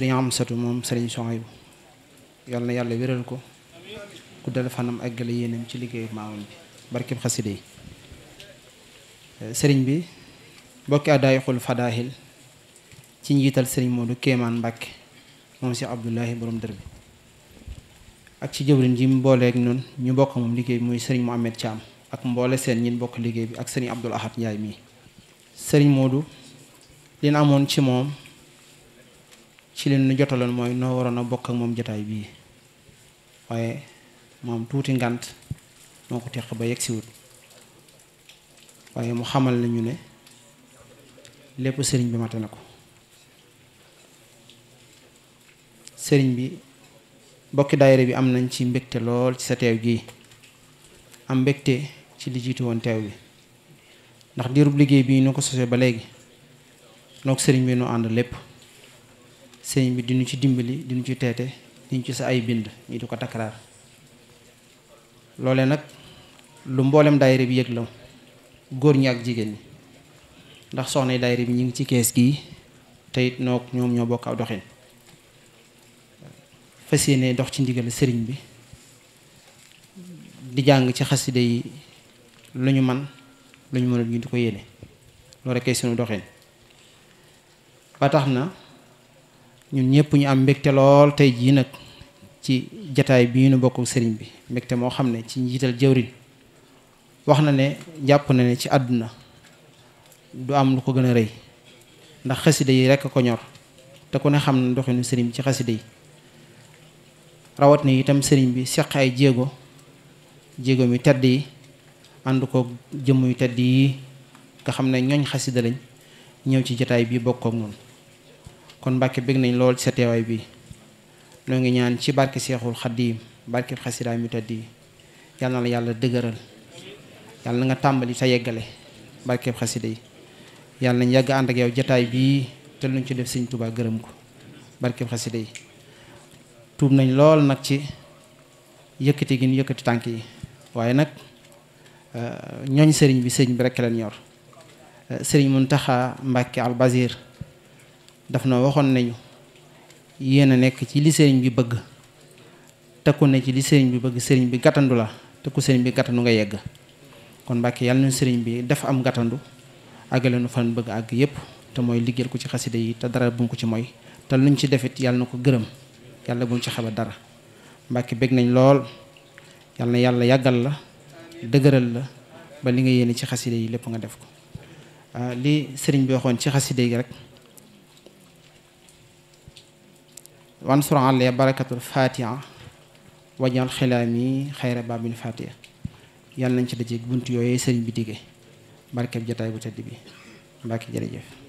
sëriñ Amsatu moom sëriñ Sohayu yal na yàlla wéral ko guddal fanam ak ci liggéey maamam bi barkib xaside yi euh, sëriñ bi bokki addaayixul fadaahil ci njiital sëriñ Moodu Kéemaan Mbàkke moom si Abdullahi borom dër bi ak ci jëwriñ ji mu booleeg noonu ñu bokk moom liggéey bi muy sëriñ Mohamed Thiam ak mboole seen ñin bokk liggéey bi ak sëriñ Abdul Ahad Njaay mii sëriñ Moodu li amoon ci moom ci leen nu jotaloon mooy noo waroon a bokk ak moom jotaay bii waaye moom tuuti ngant moo ko teq ba yegg waaye mu xamal nañu ne lépp sëriñ bi mate na ko sëriñ bi bokki daayira bi am nañ ci mbégte lool ci sa teew gii am mbégte ci li jiitu woon teew bi ndax diirub liggéey bii nu ko sosee ba léegi noog sëriñ bi nu ànd lépp sëñ bi diñu ci dimbali diñu ci teete diñu ci sa ay bind ñi du ko takkaraar loole nag lu mboolem dayre bi yëg la góor ñi ak jigéen ñi ndax soxna daayira bi ñu ngi ci kees gi te it noo ñoom ñoo bokk aw doxin fas yéene dox ci ndigal sëriñ bi di jàng ci xaside yi lu ñu man lu ñu mënul ñu di ko yéene loolu rekk ay sunu doxin ba tax na ñun ñëpp ñu am mbégte lool tey jii nag ci jataay bi ñu bokk sëriñ bi mbégte moo xam ne ci njiital jëwriñ wax na ne jàpp na ne ci àdduna du am lu ko gën a rëy ndax xasida yi rekk ko ñor te ku ne xam ne doxinu sëriñ bi ci xasida yi rawat na itam sëriñ bi seq ay jéego jéego mi tedd yi ànd ko jëmm yu tedd yi nga xam ne ñooñ xasida lañ ñëw ci jataay bii bokk ak noonu kon Mbàkke bëgg nañ lool sa teewaay bi noo ngi ñaan ci barke Seexul Xadiim barke xasidaay mi tëdd yi yal na la yàlla dëgëral yàlla na nga tàmbali sa yeggale barke xasida yi yàlla nañ yàgg ànd ak yow jataay bii te luñ ci def sëñ tubaa gërëm ko barke xasida yi tuub nañ lool nag ci yëkkati gi ñu yëkkati tànk yi waaye nag euh, ñooñ sëriñ bi sëriñ bi rekk leen ñor euh, sëriñ Muntaxa Mbàkke al daf na waxoon nañu yéen a nekk ci li sëriñ bi bëgg takku na ci li sëriñ bi bëgg sëriñ bi gàttandu la te ku sëriñ bi gàttandu nga yegg kon Mbàkke yàlla na sëriñ bi dafa am gàttandu àggale nu fan bëgg àgg yépp te mooy liggéeyal ko ci xasida yi te dara bu ko ci moy te luñ ci defit yàlla na ko gërëm yàlla bu ci xaba dara Mbàkke bég nañ lool yàlla yàlla yàggal la dëgëral la ba li nga yéene ci xasida yi lépp nga def ko ah, li sëriñ bi waxoon ci xasida rek wansur ale barakatul fatiha wajal xilaami xayra babil fatiha yàlla nañ ci dajeeg bunt yooyee sëriñ bi dige barkeb jataay bu tedd bi mbàkki jërëjëf